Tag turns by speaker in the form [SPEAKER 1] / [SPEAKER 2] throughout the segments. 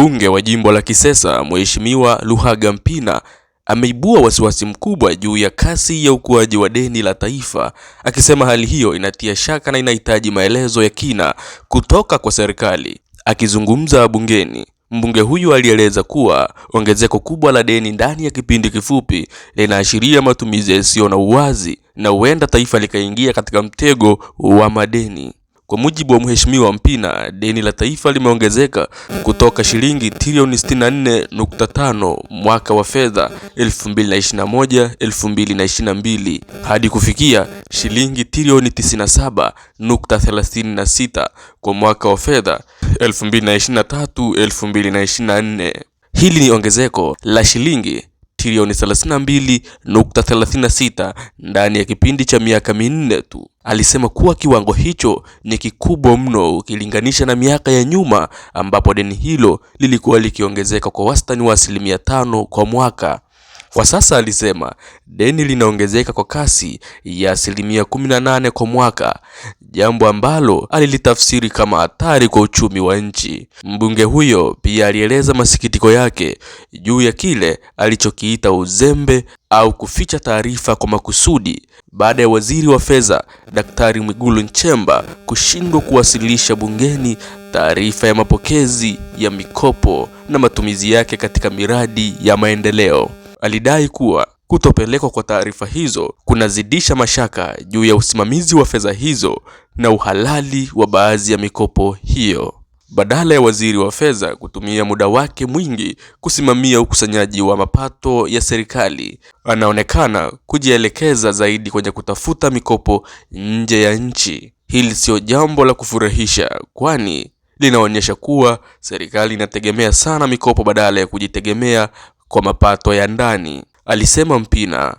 [SPEAKER 1] Mbunge wa jimbo la Kisesa Mheshimiwa Luhaga Mpina ameibua wasiwasi mkubwa juu ya kasi ya ukuaji wa deni la taifa, akisema hali hiyo inatia shaka na inahitaji maelezo ya kina kutoka kwa serikali. Akizungumza bungeni, mbunge huyu alieleza kuwa ongezeko kubwa la deni ndani ya kipindi kifupi linaashiria matumizi yasiyo na uwazi na huenda taifa likaingia katika mtego wa madeni. Kwa mujibu wa Mheshimiwa Mpina, deni la taifa limeongezeka kutoka shilingi trilioni 64.5 mwaka wa fedha 2021-2022 hadi kufikia shilingi trilioni 97.36 kwa mwaka wa fedha 2023-2024. Hili ni ongezeko la shilingi trilioni 32.36 ndani ya kipindi cha miaka minne tu. Alisema kuwa kiwango hicho ni kikubwa mno ukilinganisha na miaka ya nyuma ambapo deni hilo lilikuwa likiongezeka kwa wastani wa asilimia tano kwa mwaka. Kwa sasa, alisema deni linaongezeka kwa kasi ya asilimia 18 kwa mwaka, jambo ambalo alilitafsiri kama hatari kwa uchumi wa nchi. Mbunge huyo pia alieleza masikitiko yake juu ya kile alichokiita uzembe au kuficha taarifa kwa makusudi baada ya waziri wa fedha Daktari Mwigulu Nchemba kushindwa kuwasilisha bungeni taarifa ya mapokezi ya mikopo na matumizi yake katika miradi ya maendeleo alidai kuwa kutopelekwa kwa taarifa hizo kunazidisha mashaka juu ya usimamizi wa fedha hizo na uhalali wa baadhi ya mikopo hiyo. Badala ya waziri wa fedha kutumia muda wake mwingi kusimamia ukusanyaji wa mapato ya serikali, anaonekana kujielekeza zaidi kwenye kutafuta mikopo nje ya nchi. Hili siyo jambo la kufurahisha, kwani linaonyesha kuwa serikali inategemea sana mikopo badala ya kujitegemea kwa mapato ya ndani, alisema Mpina.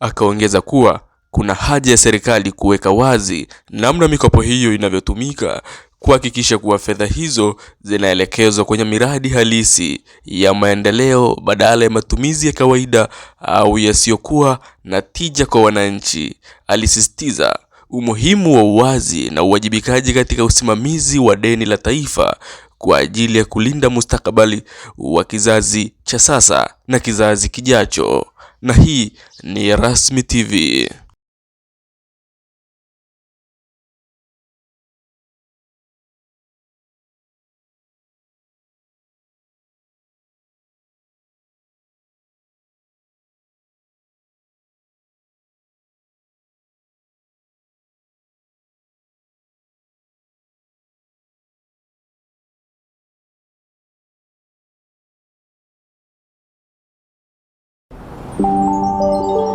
[SPEAKER 1] Akaongeza kuwa kuna haja ya serikali kuweka wazi namna mikopo hiyo inavyotumika kuhakikisha kuwa fedha hizo zinaelekezwa kwenye miradi halisi ya maendeleo badala ya matumizi ya kawaida au yasiyokuwa na tija kwa wananchi, alisisitiza. Umuhimu wa uwazi na uwajibikaji katika usimamizi wa deni la taifa kwa ajili ya kulinda mustakabali wa kizazi cha sasa na kizazi kijacho. Na hii ni rasmi TV. Música